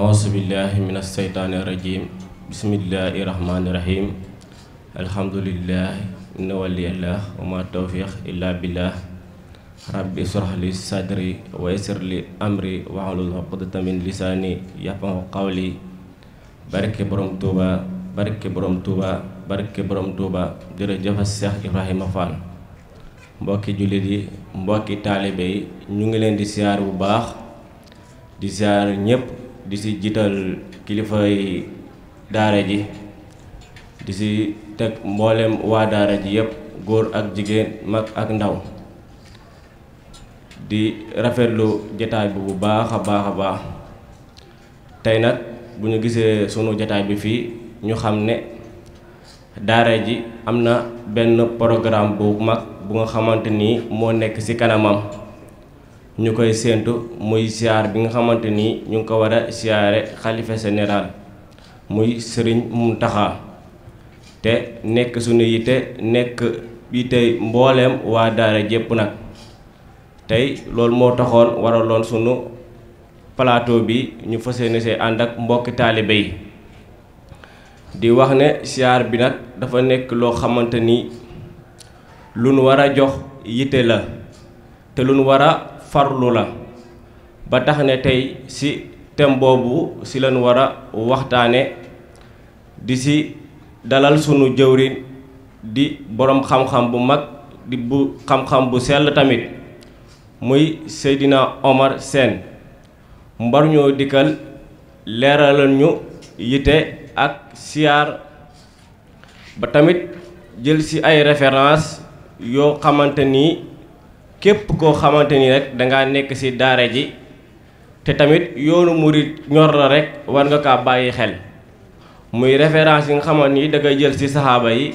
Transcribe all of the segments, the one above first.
أعوذ بالله من الشيطان الرجيم بسم الله الرحمن الرحيم الحمد لله إن ولي الله وما التوفيق إلا بالله رب اشرح لي صدري ويسر لي أمري واحلل عقدة من لساني يفقهوا قولي بارك بروم توبا بارك بروم توبا بارك بروم توبا جërëjëf Cheikh Ibrahima Fall mbokki jullit yi mbokki taalibe yi ñu ngi leen di siyaar bu baax di siyaar ñépp di si jiital fai daara ji di si teg mboolem waa daara ji yépp góor ak jigéen mag ak ndaw di rafetlu jataay bi bu baax a baax a baax tey nag bu sunu jataay bi fii ñu xam ne daara ji am na benn programme bu mag bu nga xamante ni moo nekk ci kanamam ñu koy séentu muy siyaar bi nga xamante ni ñu ngi ko war a siyaare xalifa général muy sëriñ taxa te nekk sunu yite nekk bi tey mbooleem waa daara jépp nag tey loolu moo taxoon waraloon sunu palaato bi ñu fa yéene see ànd ak mbokki taalibe yi di wax ne siyaar bi nag dafa nekk loo xamante ni lu nu war a jox yite la te lu nu farlu la ba tax ne si tembobo boobu si lan war a di si dalal sunu jaurin di borom xam-xam bu mag di bu xam-xam bu sell tamit muy Seydina Omar Sen. mbar ñoo dikkal leeralal ñu yite ak siyaar ba tamit jël si ay référence yoo xamante képp koo xamante ni rek dangaa nekk ci daara ji te tamit yoonu murit ñor la rek war nga kaa bàyyi xel muy référence yi nga xamante ni da ngay jël ci saxaaba yi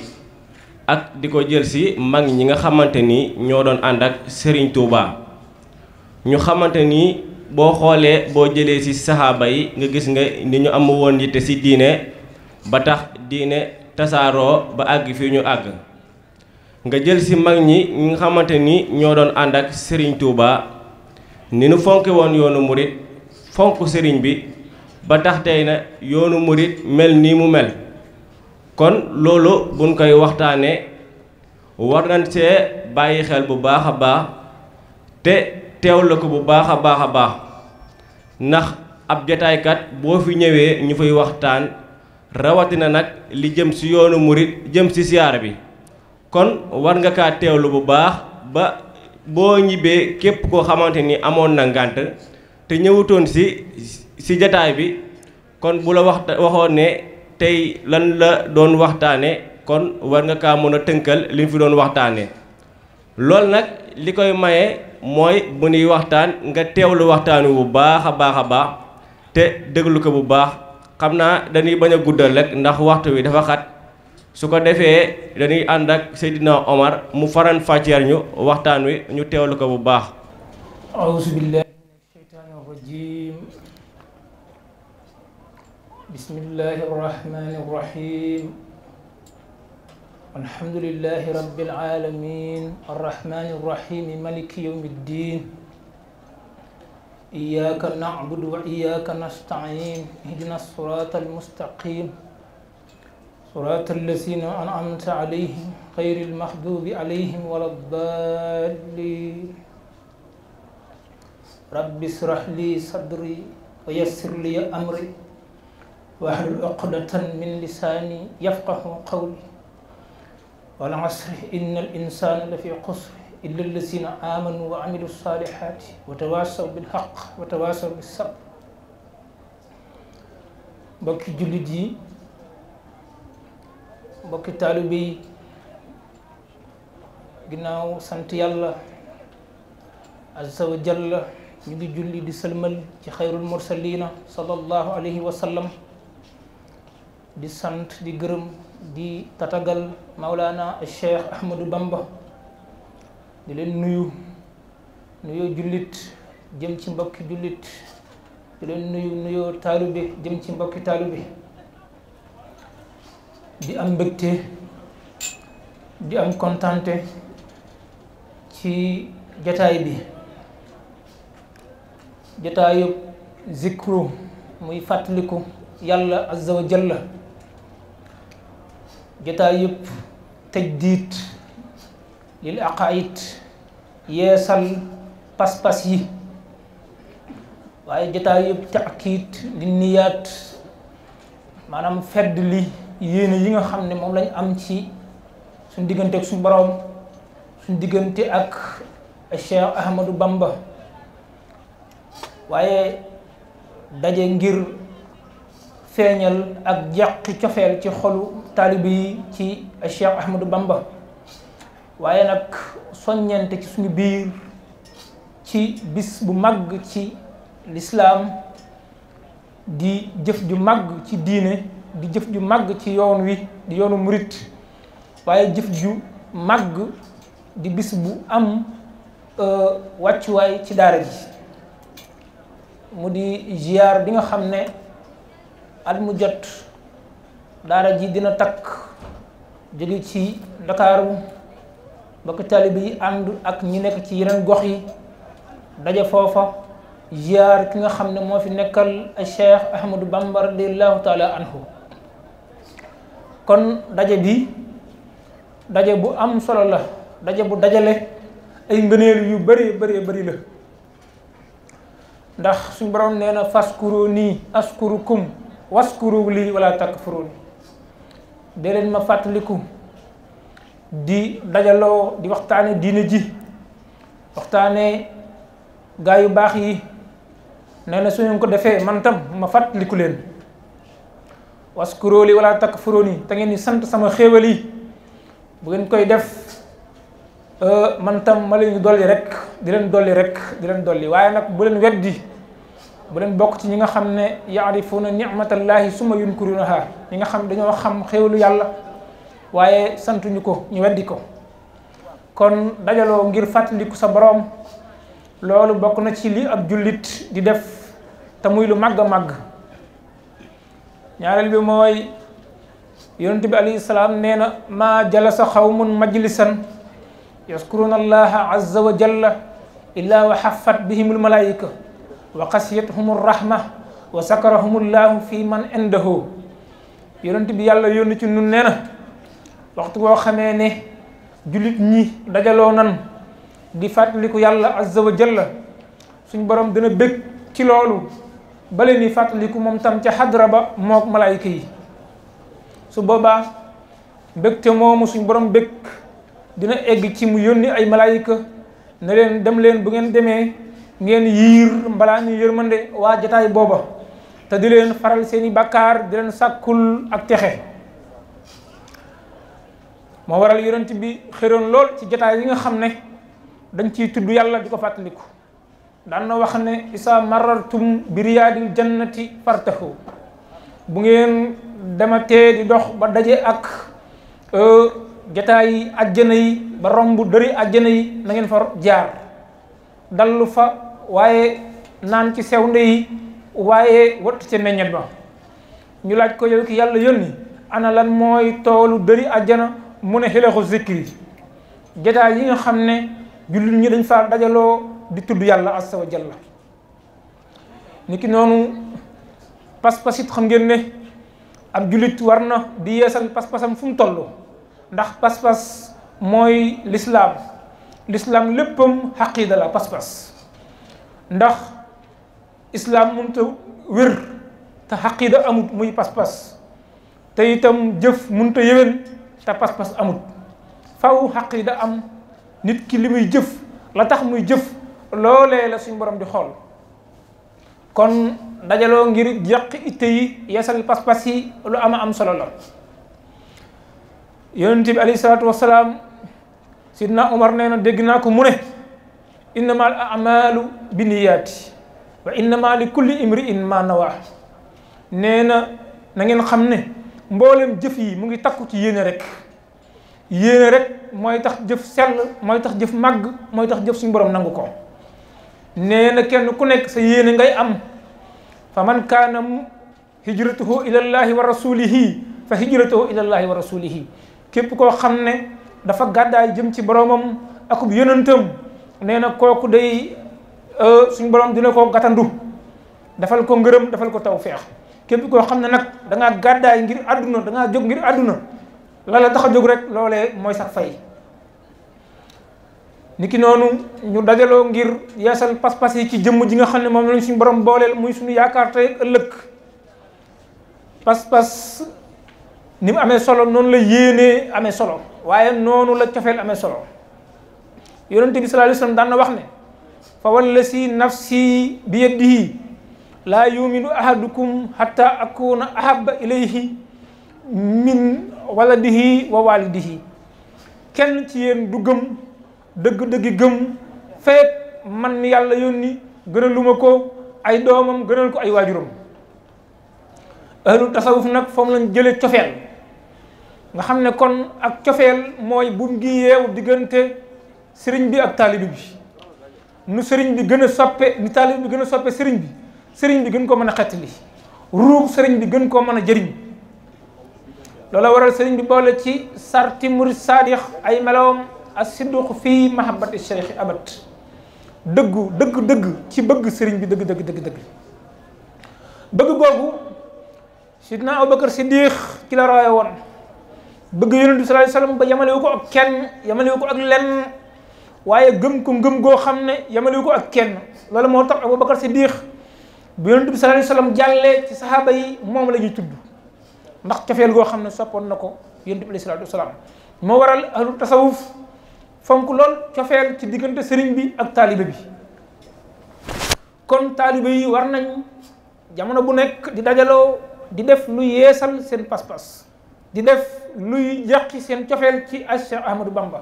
ak di ko jël ci mag ñi nga xamante ni ñoo doon ànd ak Serigne Touba ñu xamante ni boo xoolee boo jëlee ci saxaaba yi nga gis nga ni ñu am woon yitte ci diine ba tax diine tasaaroo ba àgg fi ñu àgg nga jël ci mag ñi nga xamante ni ñoo doon ànd ak Serigne Touba ni nu fonke woon yoonu murit fonk Serigne bi ba tax tey na yoonu murit mel ni mu mel kon lolo buñ koy waxtaanee war nañ see bàyyi xel bu baax baax te teewlu ko bu baax a baax a baax ndax ab jataaykat boo fi ñëwee ñu fay waxtaan rawatina nag li jëm si yoonu murit jëm si siyaar bi kon war nga ka tewlu bu baax ba bo ñibé képp ko xamanteni ni na ngant te ñewutone si si jotaay bi kon bu la wax waxoon ne tey lan la doon waxtaane kon war nga ka mëna teunkal tënkal li fi doon waxtaane lol nak likoy koy maye mooy bu nuy waxtaan nga tewlu waxtaan bu baaxa baaxa ba te ko bu baax xamna dañuy baña guddal rek ndax waxtu wi dafa xat su ko defee dañuy ànd ak Seydina Omar mu faran fàcceer ñu waxtaan wi ñu teewlu ko bu baax auzu billahi min asheytaani arrajim alhamdulillahi rabbil alamin arrahmani arrahim maliki yawmi ddin iyyaka na'budu wa iyyaka nasta'in ihdina as-sirata al-mustaqim صراط الذين أنعمت عليهم غير المحبوب عليهم ولا الضالين رب اشرح لي صدري ويسر لي أمري واحلل عقدة من لساني يفقه قولي والعصر إن الإنسان لفي قصر إلا الذين آمنوا وعملوا الصالحات وتواصوا بالحق وتواصوا بالصبر بك جلدي mbokki taalibe yi ginnaaw sant yàlla azza wa jalla ñu ngi julli di sëlmal ci xayrul mursalina sallallahu alayhi wa sallam di sant di gërëm di tatagal maulana cheikh ahmadou bamba di leen nuyu nuyoo jullit jëm ci mbokki jullit di leen nuyu nuyoo taalibe jëm ci mbokki taalibe di am mbégte di am kontante ci jataay bi jataayu zikru muy fàttaliku yàlla azza wa jalla jataay yëpp tajdiit lil aqaid yeesal pas-pas yi waaye jataay yëpp taakiit li niyaat maanaam fedd li yéene yi nga xam ne moom lañ am ci suñ diggante ak suñ borom suñ diggante ak Cheikh Ahmadou Bamba waaye daje ngir feeñal ak jàqi cofeel ci xolu taalibe yi ci Cheikh Ahmadou Bamba waaye nag soññante ci suñu biir ci bis bu màgg ci lislaam di jëf ju màgg ci diine di jëf ju màgg ci yoon wi di yoonu murit waaye jëf ju màgg di bis bu am euh, wàccuwaay ci daara ji mu di ziar bi nga xam ne at mu jot daara ji dina takk jóge ci Ndakaaru bokk taalibe yi ànd ak ñi nekk ci yeneen gox yi daje foofa ziar ki nga xam ne moo fi nekkal Cheikh Ahmadou Bamba radiyallahu taala anhu kon dajé di dajé bu am solo la dajé bu dajale ay ngeneel yu bari bari bari la ndax suñu borom nee faskuruni askurukum waskuru li wala takfurun de len ma fatlikou di Dajalo di waxtane dina ji waxtane gayu bax yi nee suñu ko defé man tam ma fatlikou len waskuroo li wala takfuruni ta ngeen ni sant sama xewali bu ngeen koy def e, man tam ma leen dolli rek di leen dolli rek di leen dolli waye nak bu leen weddi bu leen bok ci ñinga xamne ya'rifuna ne yaarifuuna nicmatallahi summa yunkurunaha ñi xam dañoo xam xewlu yalla waye santuñu ko ñu weddi ko kon dajalo ngir fatandiku sa borom lolu bokk na ci li ab julit di def ta muy lu magga ñaareel bi mooy yonent bi alayhi salaam nee na maa jalasa xawmun majlisan yaskuruna allaha azza wa jalla illaa wa xaffat bihim almalaayika wa xasiyathum arrahma wa sakarahum allahu fi man indahu yonent bi yàlla yónni ci nun nee waxtu boo xamee ne julit ñi dajaloo nan di fàttaliku yàlla azza wa jalla suñ borom dina bég ci loolu baleni leen fatliku fàttaliku tam ci hadra ba mook malaayika yi su boba bekte mom suñ borom bek dina egg ci mu yoni ay malaika na len dem len bu ngeen demee ngeen yir mbala ni yermande wa jotaay boba ta di len faral seeni bakar di len sakul ak texe mo waral yoonte bi xeron lol ci jotaay yi nga xamne ne dañ ciy tudd yàlla di ko danna wax ne isa marartum biriyaadil jannati fartahu bu ngeen te di dox ba ak e, jataay aljana yi ba rombu deuri aljana yi na ngeen fa jaar dalu fa waye nan ci sewnde yi waye wattu ci meññet ba ñu laaj ko yow ki yalla yoni ana lan moy tolu deuri aljana mu hilahu zikri jataay yi nga xamne ne ñi dañ fa dajalo di tuddu yalla azza wa jalla niki nonu pas-pas xam ngeen ne ab julit warna di yeesal pas-pasam fum tollu ndax pas-pas moy l'islam l'islam leppam haqida la pas-pas ndax Islam mënta wir, ta haqida amut muy pas-pas te itam jëf mënta yewen ta pas-pas amut faw haqida am nit ki limuy la tax muy jëf loolee la suñ boroom di xool kon dajaloo ngir yàq itte yi yeesal pas-pas yi lu ama am solo la yonent bi alayhi salaam wasalaam sidna Umar nee na dégg naa ko mu ne innama al amalu binniyaati wa innama kulli imri in ma nawaa nee na na ngeen xam ne mboolem jëf yi mu ngi takku ci yéene rek yéene rek mooy tax jëf sell mooy tax jëf màgg mooy tax jëf suñu boroom nangu ko nee na kenn ku nekk sa yéene ngay am fa man kaana hijratuhu ilallahi wa rasulihi fa hijratuhu ilallahi wa rasulihi képp koo xam ne dafa gàddaay jëm ci boromam akub yonentam nee na kooku day euh, suñ borom dina koo gàttandu defal ko ngërëm defal ko tawfeex képp koo xam ne nag da ngaa gàddaay ngir àdduna da ngaa ngir àdduna la la tax a jóg rek loole mooy sax fay ki noonu ñu dajaloo ngir yeesal pas-pas yi ci jëmm ji nga xam ne moom lañ suñu borom booleel muy suñu yaakaar tey ëllëg pas-pas amee solo noonu la yéenee amee solo waaye noonu la cofeel amee solo yonente bi sallallahu alayhi daan na wax ne fa wallasi si bi yadihi laa yuminu ahadukum hatta akuna ahaba ilayhi min waladihi di walidihi kenn ci yéen du deug deug gëm fek man yalla yoni yónni gënaluma ko ay domam gënal ko ay wajurum ahlu tasawuf nak fam lañu jële cofeel nga xam kon ak cofeel moy bu ngi yew diggante sëriñ bi ak talib bi nu sëriñ bi gën a soppe nu sering bi gën a soppe sëriñ bi sëriñ bi gën ko sering a xettali bi gën ko jëriñ waral sëriñ bi bolé ci sarti murid ay as-sidqu fii mahabbati cheikh abat dëggu dëgg dëgg ci bëgg sëriñ bi dëgg dëgg dëgg dëgg bëgg googu sidna Abubakar Siddiq ci la roye woon bëgg yonent bi ba yamalewu ko ak kenn yamalewu ko ak lenn waaye gëm ko ngëm goo xam ne yamalewu ko ak kenn loolu moo tax Abubakar Siddiq bu yonent bi sallallahu alayhi wasallam jàllee ci saxaaba yi moom la ñuy tudd ndax cofeel goo xam ne soppoon na ko yonent bi alayhi salaatu wasalaam moo waral ahlu tasawuf fonk lool cofeel ci digënté sëriñ bi ak talibé bi kon talibé yi war nañ jamono bu nek di dajalo di def lu yéssal sen pass pass di def luy yàqi sen tiofel ci Cheikh Ahmadou Bamba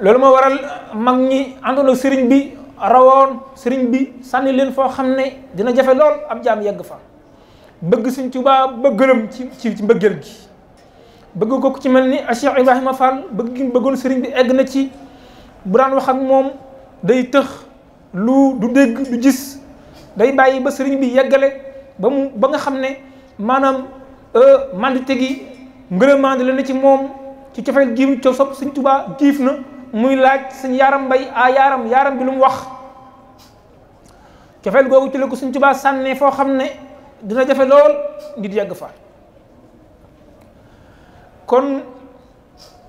lolou mo waral mag ñi andono ak sëriñ bi rawon sëriñ bi sanni leen fo xam dina jafé lol am jaam yegg fa bëgg suñ touba bëggalam ci ci mbëggeel gi bëgg ko ci mel ni Cheikh Ibrahima Fall bëgg bëggoon sëriñ bi egg na ci bu daan wax ak moom day tëx lu du dégg du gis day bàyyi ba sëriñ bi yeggale ba mu ba nga xam ne maanaam euh, mandite gi ngërëmaande la na ci moom ci cofeel gi mu suñ sopp sëñ Tuubaa giif na muy laaj sëñ yaaram mbay aa yaaram yaaram bi lu mu wax cofeel googu ci ko suñ cubaa sànnee foo xam ne dina jafe lool ngir yegg fa kon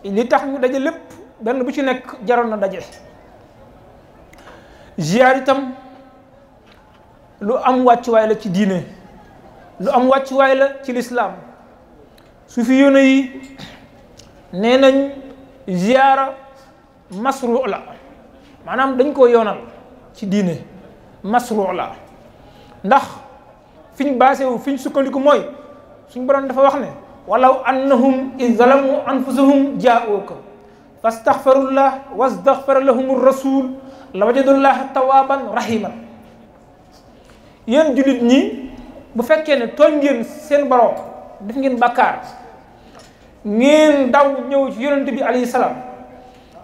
li tax ñu dajé lepp ben bu ci nek jaroon na dajé ziar itam lu am way la ci diiné lu am way la ci l'islam sufi yone mana yi nenañ ziyara masru la manam dañ ko yonal ci diiné masru la ndax fiñ wu fiñ sukkandiku moy suñ borom dafa wax ne walau annahum izlamu anfusuhum jauk, ja'uka fastaghfirullah wastaghfar lahumur rasul lawajadullah tawaban rahiman yeen julit ni bu fekkee ne tooñ ngeen sen borom def ngeen bakar ngeen daw ñew ci yonent bi alayhi len,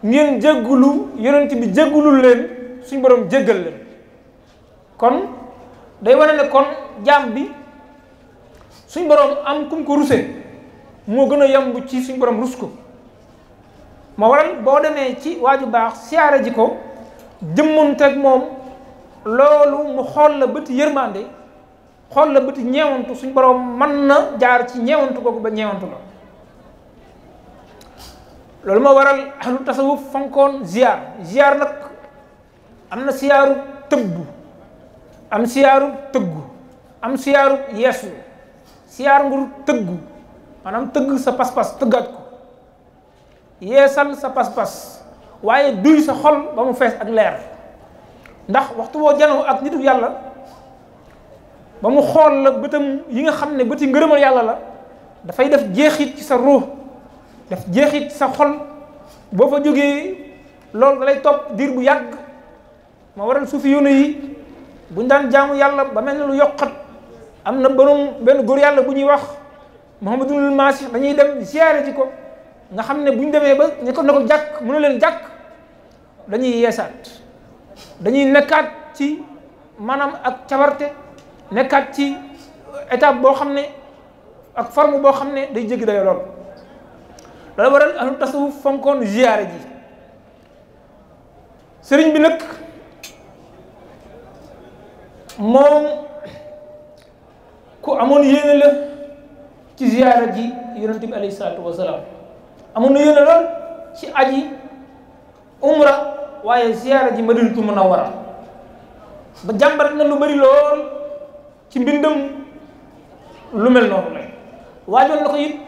ngeen jéggulu yonent bi len suñ borom len kon day wone ne kon jambi, bi suñ borom am kum ko moo gën a yomb ci suñ borom rus ko moo waral boo demee ci waaju baax siyaare ji ko jëmmanteeg moom loolu mu xool la bëtt yërmande xool la bëti ñeewantu suñ borom mën na jaar ci ñeewantu kooku ba ñeewantu la loolu moo waral ahlu tasawuf fonkoon ziar ziar nag am na siyaaru tëggu am siyaaru tëggu am siyaaru yeesu siyaar nguru tëggu manam teug sa pas-pas teugat ko yeesal sa pas-pas waye duy sa xol ba mu fess ak leer ndax waxtu woo janoo ak nitu yalla ba mu xol la bëtam yi nga xamne ne ngeureumal yalla la da dafay def jeexit ci sa ruh def jeexit sa xol bo fa joge lol dalay top dir bu yag ma waral sufi yoonu yi buñ dan jaamu yalla ba melni lu yokkat am borom ben gor yalla buñuy wax Mouhamadul Maasi dañuy dem ziyaare ji ko nga xam ne bu demee ba ñu ko na ko jàkk mënu leen jàkk dañuy yeesaat dañuy nekkaat ci maanaam ak cawarte nekkaat ci étape boo xam ne ak forme boo xam ne day jéggi dayo lool loolu waral ahlu tasawuf fonkoon ziyaare ji sëriñ bi nag moom ku amoon yéene la ci ziyara ji yaronte bi alayhi amun wasalaam amoon na ci aji umra waye ziyara ji madinatu munawwara ba jambar na lu bari lol ci mbindam lu mel non lay waajoon lako yit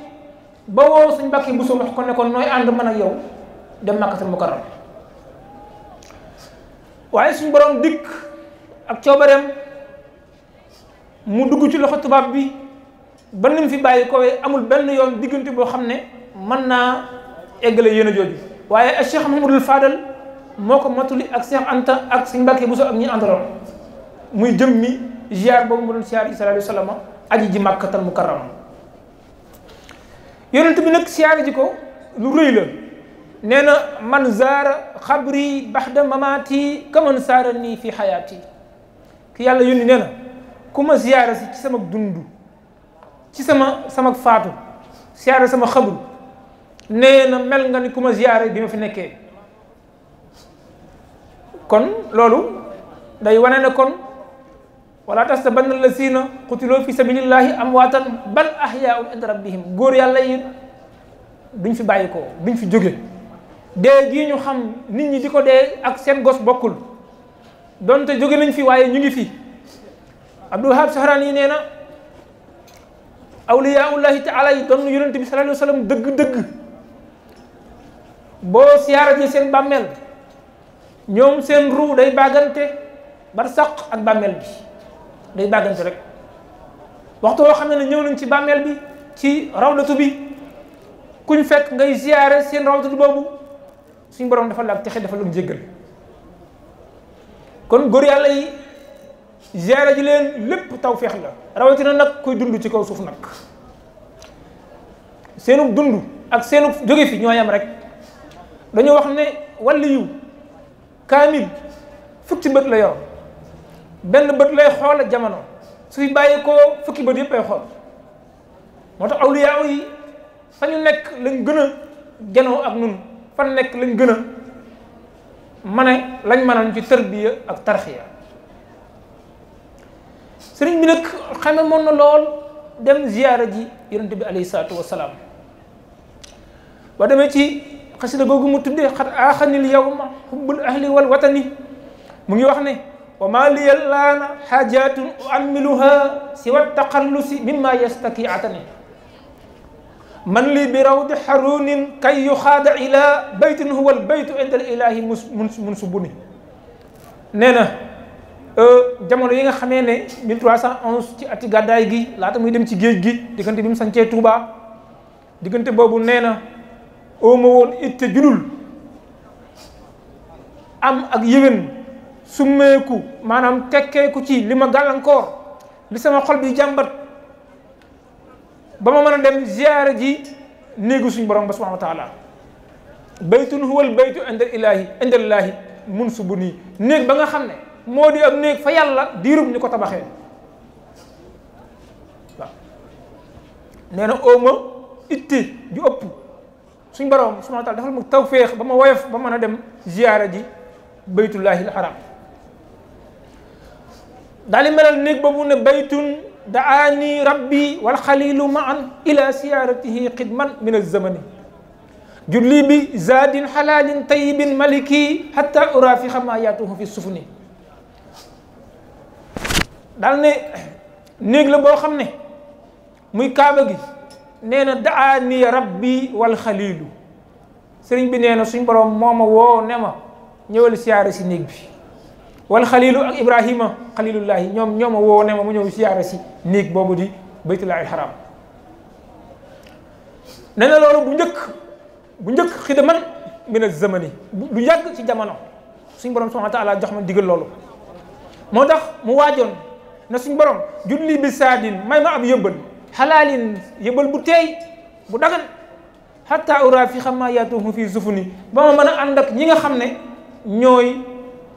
ba wo suñ bakki musu wax ko ne ko noy and man ak yow dem mukarram waye suñ borom dik ak ciobarem mu dugg ci loxo tubab bi ba ni fi bàyyi ko amul benn yoon diggante boo xam ne mën naa eggale yéen a jooju waaye ak Cheikh Mahamadul Fadal moko matuli ak Cheikh Anta ak Sëñ Mbàkke Buso ak ñi àndaloon muy jëm mi ziar bo mu doon ziar Isa alayhi wasallam aji ji makkah al mukarram yonent bi nak ziar ji ko lu reuy la neena man zaara khabri bahda mamati kaman sarani fi hayati ki yàlla yoni neena kuma ku ci sama dundu ci sama sama faatu siyaare sama xabul nee na mel nga ni ku ma siyaare bi ma fi nekkee kon loolu day wane ne kon wala taxsabanna allazina qutiloo fi sabilillahi amwaatan bal ahyaun inda rabbihim góor yàlla yi duñ fi bàyyi ko duñ fi jóge dee gii ñu xam nit ñi di ko dee ak seen gos bokkul donte jóge nañ fi waaye ñu ngi fi Abdul Wahab Sahrani nee na awliyaullahi taala yi doon yonent bi sallallahu alayhi wa sallam dëgg-dëgg boo siyaara ji seen bàmmeel ñoom seen ruu day bàggante barsaq ak bàmmeel bi day bàggante rek waxtu woo xam ne ñëw nañ ci bàmmeel bi ci rawdatu bi kuñ fekk ngay siyaare seen rawdatu boobu suñ borom dafa laaj texe dafa lu jéggal kon góor yàlla ziyaara ji leen lépp taw feex la rawatina nag koy dund ci kaw suuf nag seenu dund ak seenu jóge fi ñoo yam rek dañu wax ne wàllu yiw kaamil fukki bët la yor benn bët lay xool ak jamono suy bàyyi ko fukki bët yëpp ay xool moo tax awliyaaw yi fa ñu nekk lañ gën a janoo ak nun fan nekk lañ gën a mane lañ mënoon ci tërbiya ak tarxiya sëriñ bi nag xame moon na lool dem ziyaara ji yonente bi alayhi salaatu wasalaam ba demee ci xasida googu mu tuddee xat aaxanil yawma xubbul ahli wal watani mu ngi wax ne wa maa liya laana xaajaatun uammiluha siwa taxallusi mimma yastaki atani man li bi rawdi xarunin kay yuxaada ila baytin huwa albaytu inda al ilahi mun munsubuni nee na Euh, jamono yi nga xamé né 1311 ci ati gaday gi laata muy dem ci geej gi digënté bimu mu Touba digënté bobu néna o mo won itte judul am ak yëwén summeeku maanaam tekkeeku ci lima galankor li sama xol bi jambat bama mëna dem ziyara ji néegu suñu borom subhanahu wa taala baytun huwal baytu inda ilahi inda ilahi mun su ba nga moo di am fa yàlla diirub ni ko tabaxee waaw nee na ooma itti ju ëpp suñ borom subhanahu wa taala defal ma ba ma woyof ba mën a dem ziyaara ji baytullahi alxaram daal di melal néeg boobu ne baytun daani rabbi wal xalilu maan ila siyaaratihi xidman min alzamani julli bi zaadin xalaalin tayibin maliki hatta urafixa ma yaatuhu fi sufni daal ne néeg la boo xam ne muy kaaba gi nee na daa ni rabbi wal xaliilu sëriñ bi nee na suñ borom moo ma woo ne ma ñëwal siyaare si néeg bi wal xaliilu ak ibrahima xalilullahi ñoom ñoo ma woo ne ma mu ñëw siyaare si néeg boobu di baytullahi alxaram nee na loolu bu njëkk bu njëkk xidaman min az-zamani lu yàgg ci jamono suñ borom subhanahu wa taala jox ma digal loolu moo tax mu waajoon na suñ borom julli bi saadin may ma am yëbbal xalaalin yëbbal bu teey bu dagan xatta ura fi xam maa yaatuhum fii zufuni ba ma mën a ànd ñi nga xam ne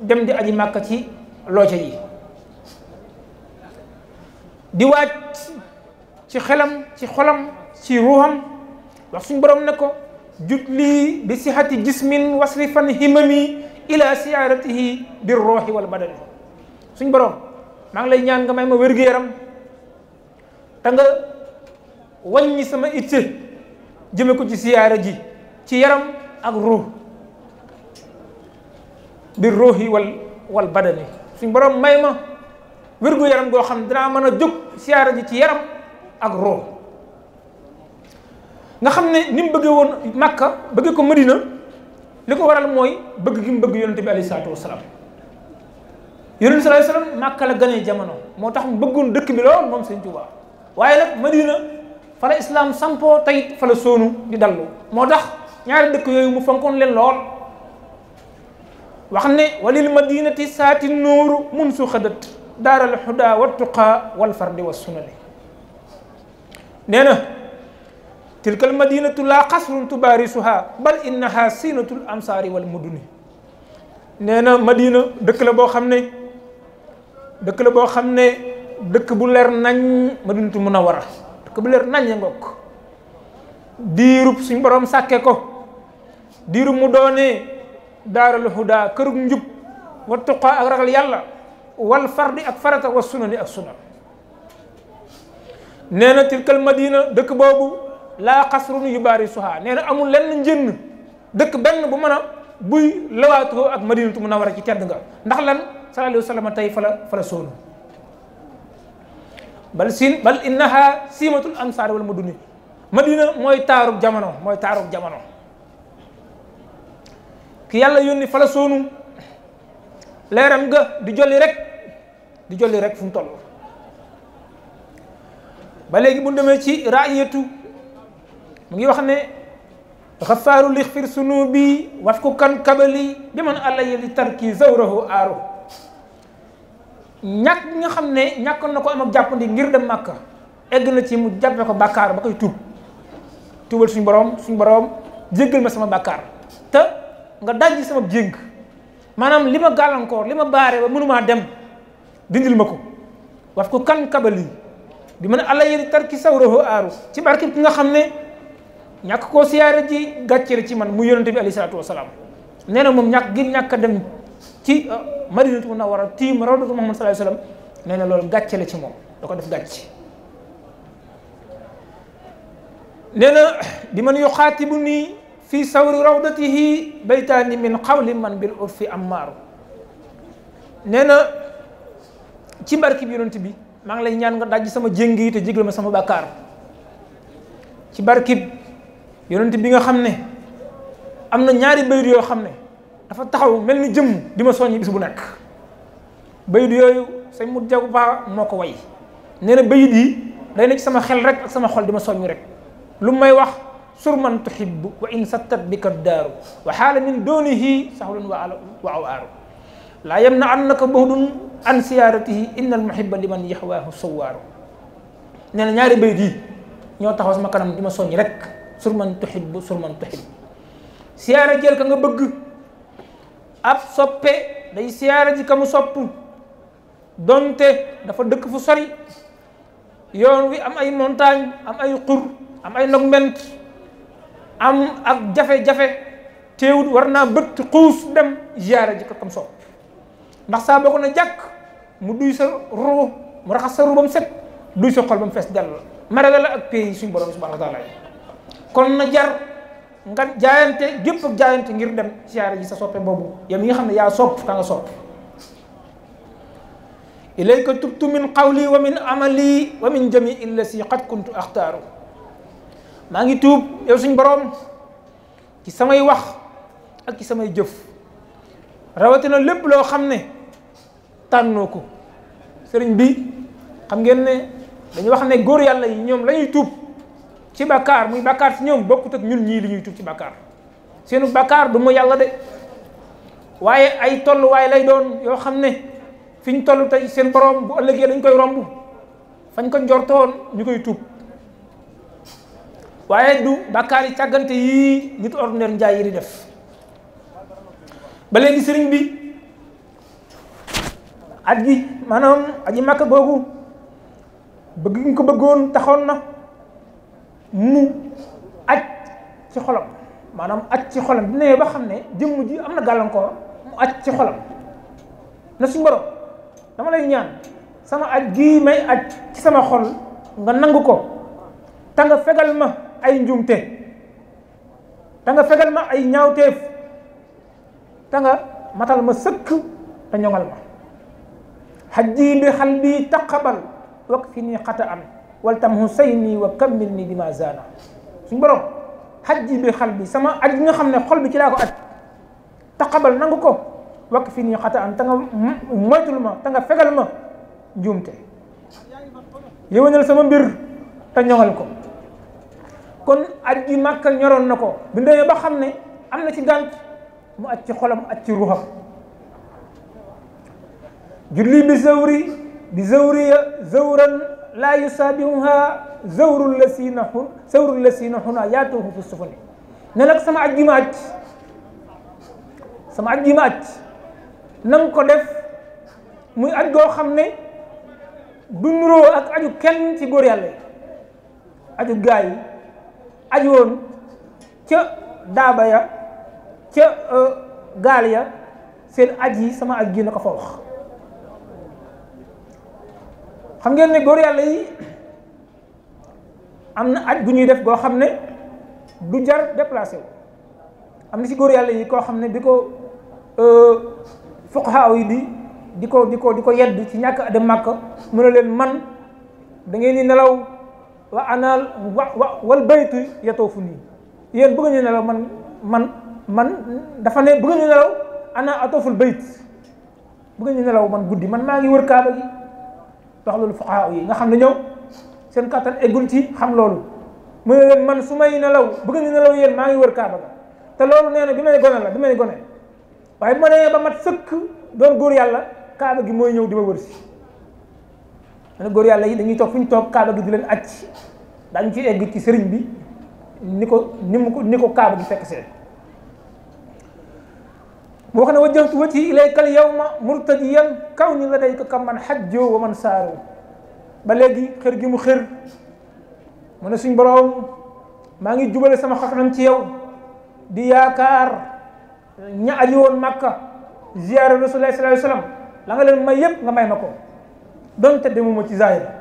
dem di aji màkka ci looca yi di waaj ci xelam ci xolam ci ruuxam wax suñ borom ne ko julli bi sihati jismin wasrifan himami ila siaratihi bir ruuxi wal badani suñ borom maa ngi lay ñaan nga may ma wér yaram te nga wàññi sama itte jëme ko ci siyaara ji ci yaram ak ruux bi ruuxi wal wal badani suñ may ma wér yaram goo xam dinaa mën a jóg siyaara ji ci yaram ak nga xam ne ni mu bëggee woon Makka bëggee ko Madina li ko waral mooy bëgg gi mu bëgg yonente bi alayhi salaatu wasalaam yonent bi sallallahu alayhi wasallam Màkka la jamono moo tax mu bëggoon dëkk bi lool moom Sëñ Tuubaa waaye nag Madina fa la islaam sampoo tey fa la soonu di dallu moo tax ñaari dëkk yooyu mu fonkoon leen lool wax ne walil madinati saati nuuru mun su xadat daaral xuda wa tuqaa wal fardi wa sunani nee na tilkal madinatu laa xasrun tubaarisuha bal innaha siinatul amsaari wal muduni nee na madina dëkk la boo xam ne dëkk la boo xam ne dëkk bu leer nañ Madinatu Munawwara dëkk bu leer nañ ya ngokk diirub suñ boroom sàkke ko diirub mu doonee daaral huda kërug njub wa tuqaa ak ragal yàlla wal far fardi ak farata wa sunani ak sunan nee na tilkal madina dëkk boobu laa xasrun yu baari suha nee na amul lenn njën dëkk benn bu mën a buy lawaatoo ak madinatu munawara ci tedd nga ndax lan sallallahu alayhi wa sallam tey fa la fa la sóonu bal sin bal innaha siimatul amsaar wal maduni madina mooy taarub jamono mooy taarub jamono ki yàlla yónni fa la sóonu leeram ga di jolli rek di jolli rek fu mu toll ba léegi bu demee ci raayatu mu ngi wax ne xafaaru lixfir sunubi waf ku kan kabali bi man alla yedi tarki zawrahu aaru ñak bi nga xam ne ñàkkoon na ko am ak jappandi ngir dem makka egg na ci mu jàppe ko bakkar ba koy tuub tuubal suñu borom suñu borom jéggal ma sama bakkar te nga dajj sama jéng manam lima galankor lima baré ba mënuma dem dindil mako waf ko kan kabali di mën ala yéri tarki sawruhu aaru ci barki ki nga xamne ñak ko siyaré ji gàccere ci man mu yoonte bi alayhi gi dem ci mu euh, na madinatu munawwara tiim rawdatu muhammad sallallahu alayhi wasallam nee na loolu gàcce la ci moom da ko def gàcce nee di man xaati yuxaatibu nii fi sawri rawdatihi baytaani xaw xawli man bil urfi ammaaru nee na ci barki bi bi maa ngi lay ñaan nga daj sama jéng yi te jégal ma sama bàkkaar ci barkib yonent bi nga xam ne am na ñaari bayit yoo xam ne dafa taxaw mel ni jëm di ma soññi bis bu nekk bayit yooyu sëñ mu jagu paa moo way nee bayit yi day ci sama xel rek ak sama xol di ma rek lu may wax sur man tuhibbu wa in sattat bika daaru wa xaala min dunihi sahlun wa wa aaru la yamna annaka buhdun an siyaratihi inna al muhibba liman yahwahu sawaaru nee ñaari bayit yi ñoo taxaw sama kanam dima rek sur man tuhibbu sur man tuhibbu siyaara jël ka nga bëgg ab soppe day siyaare ji ka mu sopp donte dafa dëkk fu sori yoon wi am ay montagne am ay xur am ay ndog mbent am ak jafe-jafe teewut war naa bëtt xuus dem siyaare ji ka kam sopp ndax saa bokk na jàkk mu duy sa ruu mu raxas sa ruu ba mu set duy sa xol ba mu fees dell mare ak pays suñu borom subhanahu wa kon na jar nga jaayante gépp ak jaayante ngir dem siyaare ji sa soppe boobu yow mi nga xam ne yaa sopp ka nga sopp ilayka tubtu min qawli wa min amali wa min jamii illasi qad kuntu axtaaru maa ngi tuub yow suñ boroom ci samay wax ak ci samay jëf rawatina lépp loo xam ne tànnoo ko sëriñ bi xam ngeen ne dañu wax ne góor yàlla yi ñoom lañuy tuub ci bakar muy bakar ci ñom bokkut ak ñun ñi li ñuy tuk ci bakar seenu bakar du ma yàlla de waye ay tolluwaay lay doon yo xamne fiñ tollu tay seen borom bu ëllëgee dañ koy rombu fañ ko njortoon ñu tuk waye du bakkaar yi nit ordinaire njaay yi def ba ni sëriñ bi aji manam aji makka googu bëgg ko bëggoon taxoon na mu aj ci xolam maanaam aj ci xolam bu nee ba xam ne jëmm ji am na gàllankoom mu aj ci xolom na suñu borom dama lay ñaan sama aj gii may aj ci sama xol nga nangu ko te nga fegal ma ay njuumte te nga fegal ma ay ñaawteef te nga matal ma sëkk te ñoŋal ma xaj jii bi xal bii taqabal wak fi nii xata am والتم حسيني وكملني بما زانا سون بروم حجي بقلبي سما اد نيغا خامني خولبي تي لاكو اد تقبل نانغوكو وكفيني خطا انت مويتول ما تاغا فغال ما نجومتي يوينال سما مبير تا نيوغال كو كون اد جي ماكا نيورون نكو بنديو با خامني امنا سي دانت مو اد سي خولم اد سي روحم جولي بزوري بزوري زورا لا يسابقها زور اللسين حن زور اللسين حن آياته في السفن نلق سمع الجماعت سمع الجماعت نم كدف مي أدو خمني بمرو أك أدو كن تقول يلا أدو جاي أدوون ك دابيا ك آه، غاليا سير أجي سمع الجين كفوخ xam ngeen ne góor yàlla yi am na aj gu ñuy def goo xam ne du jar déplacé am na si góor yàlla yi koo xam ne bi ko euh, fuqahaa yi di di ko di ko di ko yedd ci ñàkk a dem mu ne leen man da ngeen di nelaw wa anal wa wa wal baytu yatoofu nii yéen bëgg ñu nelaw man man man dafa ne bëgg ñu nelaw ana atooful bayt bëgg ñu nelaw man guddi man maa ngi wër kaaba gi wax loolu fuqahaa yi nga xam ne ñëw seen kattan eggul ci xam loolu mu ne leen man su may nelaw bëgg nga nelaw yéen maa ngi wër kaaba ga te loolu nee na bi may gone la bi may gone waaye bu ma nee ba mat sëkk doon góor yàlla kaaba gi mooy ñëw di ma wër si ma ne góor yàlla yi dañuy toog fu ñu toog kaaba gi di leen acc daañu ci egg ci sëriñ bi ni ko ni mu ko ni ko kaaba gi fekk seen wax ne wajjahtu wajhi ilayka al yawma murtadiyan kaw ni ladayka kam man xajjoo wa man saaro ba léegi xër gi mu xër mu ne suñ boroom maa ngi jubale sama xasanam ci yow di yaakaar ña aji woon màkka ziyaara rasulullahi sallallahu alayhi wasallam leen may yépp nga may ma ko donte demuma ci zahir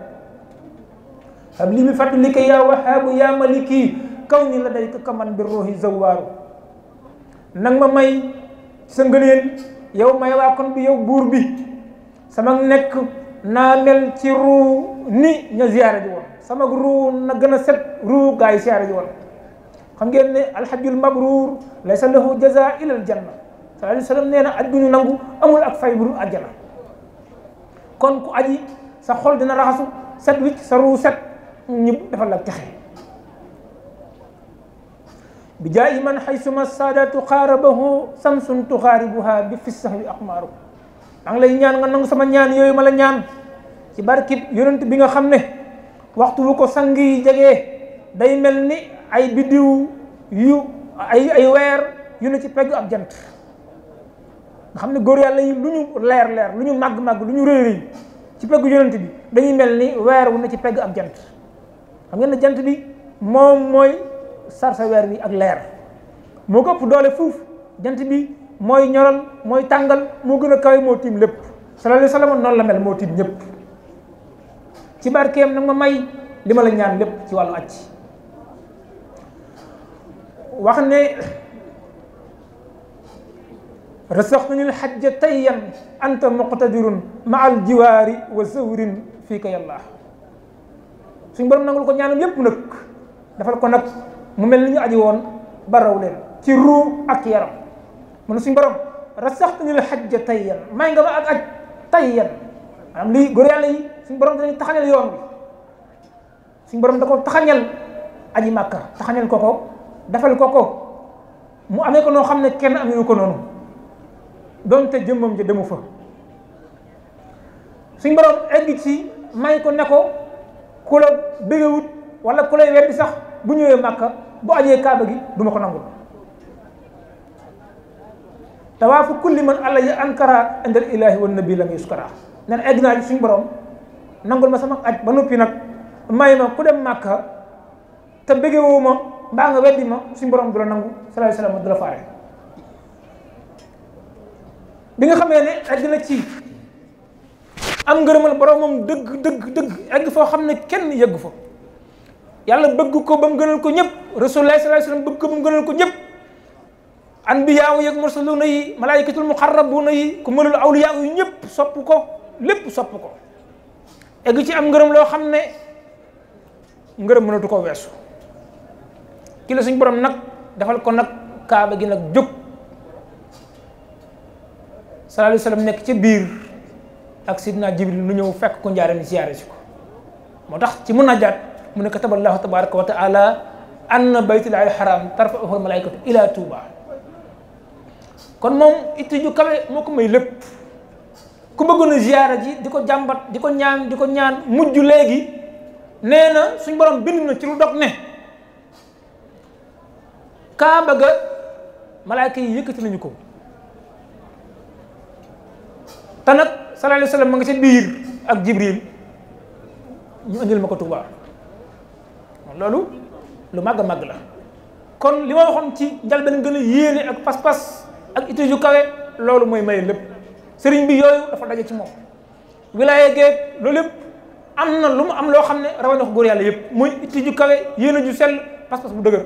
xam li mi fadlika yaa wahaabu yaa maliki kaw ni ladayka kam man bi ruuhi zawaaru nang ma may sa ngëneel yow may waa kon bi yow buur bi sama nekk naa mel ci ruu ni ña ziyaare ji woon sama ruu na gën a set ruu gaa yi ji woon xam ngeen ne alhajjul mabruur laysa lahu jaza ilal janna sallallahu alayhi wa nee na aj gu ñu nangu amul ak fay bu dul àjjana kon ku aji sa xol dina raxasu set wicc sa ruu set ñu defal la texe بجاه من حيثما السادة تقاربه سمس تقاربها بفسه أقمار maa ngi lay ñaan nga nang sama ñaan yooyu ma la ñaan ci barkib yonent bi nga xamne waxtu wu ko sang yi day melni ay bidiw yu ay ay wer yu ne ci pegg ak jant nga xamne gor yalla yi luñu leer leer luñu mag mag luñu lu ñu ci pegg yonent bi dañuy melni wer wu ne ci ak jant xam ngeen ne jant bi mom moy sarsa weer wi ak leer moo ko doole fuuf jant bi mooy ñoral mooy tàngal moo gën a kawe moo tiim lépp sallallahu alayhi wa sallam noonu la mel moo tiim ñëpp ci barkeem nag ma may li ma la ñaan lépp ci wàllu acc wax ne rasaxtani lxajja tayyan anta muqtadirun ma al jiwaari wa zawrin fii ka yàlla suñ borom nangul ko ñaanam yépp nag dafal ko nag mu mel ni ñu aji woon ba raw ci ruu ak yaram mu ne suñ borom rasaxtanil xajja may nga ma ak aj tayyan maanaam lii góor yàlla yi suñ borom dañuy taxañal yoon bi suñ borom da ko taxañal aji màkka ko ko dafal ko ko mu amee ko noo xam ne kenn amewu ko noonu donte jëmmam ja demu fa suñ borom egg ci may ko ne ko ku la bëggewut wala ku lay weddi sax bu ñëwee màkka bu ajee kaaba gi du ma ko nangul tawaafu kulli man alla ya ankara indal ilaahi wan nabi lam yuskara nee na egg naa ci suñu borom nangul ma sama aj ba noppi nag may ma ku dem màkka te bëggewoo ma mbaa nga weddi ma suñ borom du la nangu salaay salaam du la faare bi nga xamee ne egg na ci am ngërëmal boromam dëgg dëgg dëgg egg foo xam ne kenn yëggu fa yàlla bëgg ko ba mu gënal ko ñëpp rasulullah sallallahu alayhi wasallam bëgg ko ba mu gënal ko ñëpp anbiyaaw yeeg mursaluuna yi malaayikatul muqarrabuuna yi ku mënul awliyaa yu ñëpp sopp ko lépp sopp ko egg ci am ngërëm loo xam ne ngërëm mënatu ko weesu ki la suñ borom nag defal ko nag kaaba gi nag jóg sallallahu alayhi wasallam nekk ca biir ak sidna jibril lu ñëw fekk ko njaareen siyaare si ko moo tax ci mun najaat mu ne kataba allahu tabaraka wa taala anna baytullahi alxaram tarfa'uhu almalaikatu ila touba kon moom itti ju kawe moo ko may lépp ku bëggoon a ziyaara ji di ko jàmbat di ko ñaan di ko ñaan mujj léegi nee na suñ borom bind na ci lu dog ne kaaba ga malaayka yi yëkkati nañu ko te nag sallallahu alayhi wa sallam ma nga seen biir ak jibril ñu indil ma ko Tuubaa loolu lu màgg a màgg la kon li ma waxoon ci njëlbeen gën a yéene ak pas-pas ak itte yu kawe loolu mooy may lépp sëriñ bi yooyu dafa daje ci moom. wilaaye géeg loolu lépp am na lu mu am loo xam ne rawa na ko yàlla yëpp muy itte ju kawe yéene ju sell pas-pas bu dëgër.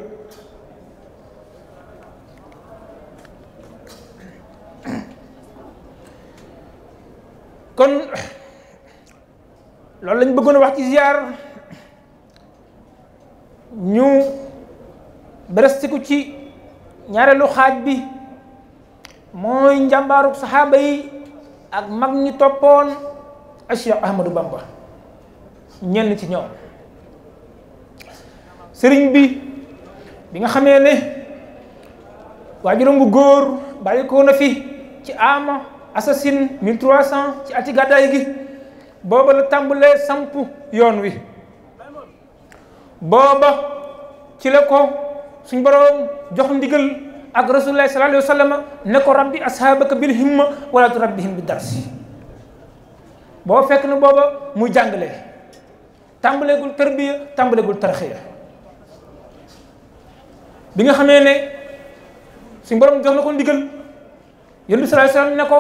kon loolu lañ bëggoon a wax ci ziar. ñu berestiku ci ñaareelu xaaj bi mooy njàmbaaruk saxaaba yi ak mag ñi toppoon Cheikh Ahmadou Bamba ñenn ci ñoom sëriñ bi bi nga xamee ne waajuram bu góor bàyyi ko na fi ci ama assasine 1300 ci ati gàddaay gi booba la tàmbalee samp yoon wi booba ci la ko suñ borom jox ndigal ak rasulullahi sallallahu alayhi wa sallam ne ko rabbi ashaabaka bil himma wala tu rabbihim bi darsi boo fekk na booba muy jàngale tàmbaleegul tarbiya tàmbaleegul tarxiya bi nga xamee ne suñ borom jox na ko ndigal yonent bi sallallahu alayhi wa sallam ne ko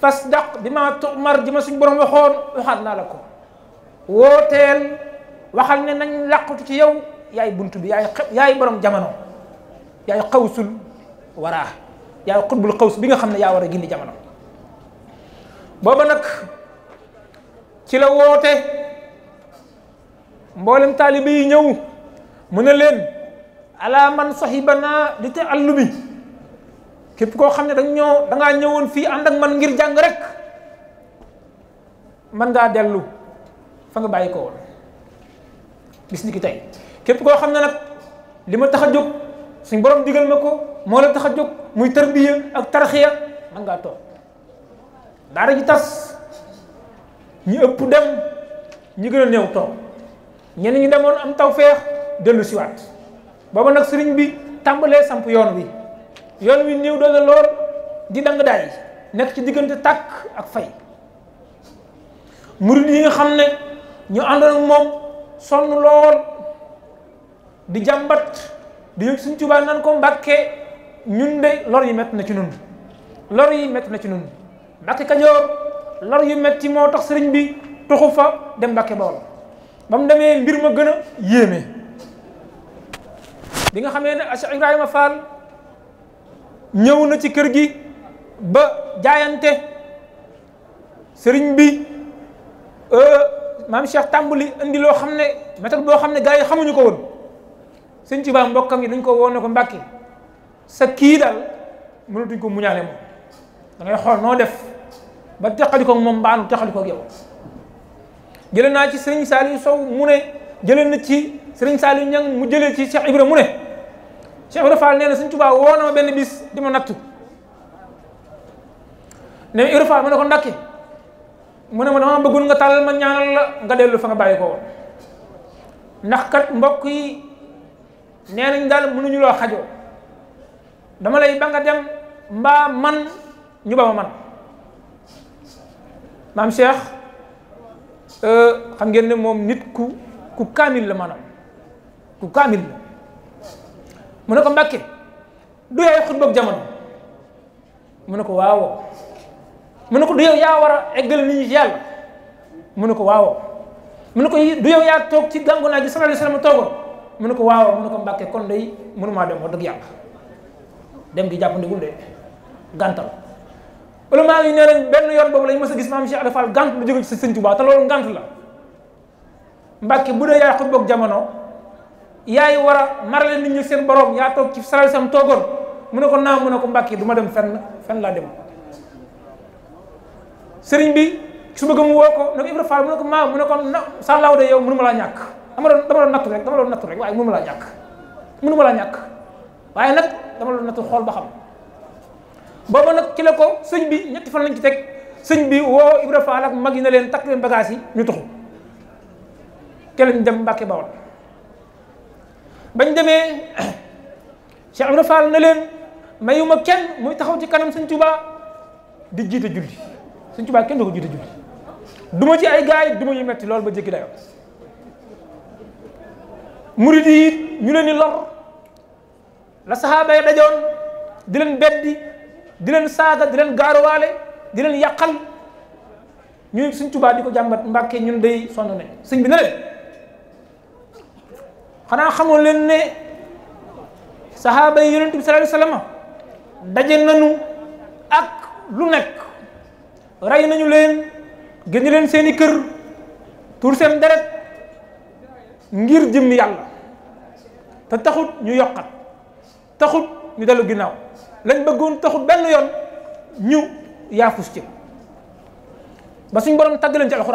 fasdaq bi ma tumar ji ma suñ borom waxoon waxaat naa la ko wooteel waxal ne nañ làqutu ci yow yaay buntu bi yaay yaay borom jamono yaay qawsul wara yaay qutbul qaws bi nga xamne ya wara gindi jamono boba nak ci la wote mbolam yi mu ne len ala man sahibana di te kep ko xamne koo dañ ñoo da nga ñëwoon fi and ak man ngir jang rek man nga delu fa nga bayiko won gis ni ki tay képp koo xam ne nag li ma tax a jóg suñ borom digal ma ko moo la tax a muy tarbiya ak tarxiya man ngaa toog dara ji tas ñi ëpp dem ñi gën a néew ñen ñi demoon am taw feex dellu siwaat booba nag sëriñ bi tàmbalee samp yoon wi yoon wi néew doole lool di dang daay nekk ci diggante tàkk ak fay murid yi nga xam ne ñu àndoon ak moom sonn lool di jàmbat di yëg suñ Tuubaa nan ko Mbàkke ñun de lor yi métti na ci nun lor yi métti na ci nun Mbàkke Kajoor lor yu métti moo tax sëriñ bi toxu fa dem Mbàkke Bawol ba mu demee mbir ma gën a yéeme bi nga xamee ne Cheikh Ibrahima Fall ñëw na ci kër gi ba jaayante sëriñ bi euh, maam Cheikh tàmbali indi loo xam ne méthode boo xam ne gars yi xamuñu ko woon baa Tuubaa mbokkam yi dañ ko woon ne ko Mbàkke sa kii daal mënatuñ ko muñaale moom da ngay xool noo def ba teqali ko moom mbaanu teqali ko ak yow jëlee naa ci sëriñ Saliou Sow mu ne jëlee na ci sëriñ Saliou Niang mu jëlee ci Cheikh Ibra mu ne Cheikh Ibra Fall nee na sëñ Tuubaa woo na ma benn bis di ma nattu ne Ibra Fall ma ne ko Mbàkke mu ne ma dama bëggoon nga tàllal ma ñaanal la nga dellu fa nga bàyyi ko woon ndax kat mbokk yi nee nañ daal mënuñu loo xajoo dama lay ba nga dem mbaa man ñu ba ma man maam Cheikh euh, xam ngeen ne moom nit ku ku kaamil la maanaam ku kaamil la mu ne ko mbakke du yaay xutboog jamono mu ne ko waawoo mu du yow ya wara eggal ni ñi ci yàlla mu waaw mu du yow ya tok ci gàngu naa gi sallallahu alayhi wasallam togo mu waaw mu mbacke kon day mënumaa dem wax dëgg yàlla dem gi japp ndigul de gantal ulama yi nee nañ benn yoon bobu lañu mësa gis maam Cheikh alfal Fall gànt lu ci seigne touba ta loolu ngànt la mbacke bu dee ya xut bok jamono yaay wara marale nit ñi seen borom ya tok ci sallallahu alayhi wasallam togo mu na ko mbacke duma dem fenn fenn la dem sëriñ bi su ma gëm woo ko ne ko Ibra Fall mu ne ko maam mu ne ko sàllaaw de yow mënu ma laa ñàkk dama doon dama doon nattu rek dama doon nattu rek waaye mënu ma laa ñàkk mënu ma laa ñàkk waaye nag dama doon nattu xool ba xam booba nag ci la ko sëñ bi ñetti fan lañ ci teg sëñ bi woo Ibra Fall ak mag yi na leen takk leen bagage yi ñu tuxu te lañ dem Mbàkke Bawol bañ demee Cheikh Ibra Fall na leen mayuma kenn muy taxaw ci kanam sëñ Tuubaa di jiite julli Sëñ Tuubaa kenn du ko jiite julli du ma ci ay gaay du ma metti loolu ba jéggi dayoo murid yi it ñu leen di lor la saxaaba yi dajoon di leen beddi di leen saaga di leen gaaruwaale di leen yàqal ñuy di ko jàmbat Mbàkke ñun day sonn ne sëñ leen xanaa xamoon leen ne saxaaba yi yonent bi sallallahu alayhi wa sallam daje ak lu nekk rey nañu leen génn leen seeni kër tuur seen deret ngir jëmm yàlla te taxut ñu yokkat taxut ñu dellu ginnaaw lañ bëggoon taxut benn yoon ñu yaafus ci ba suñ borom tàgg leen ci alxuraan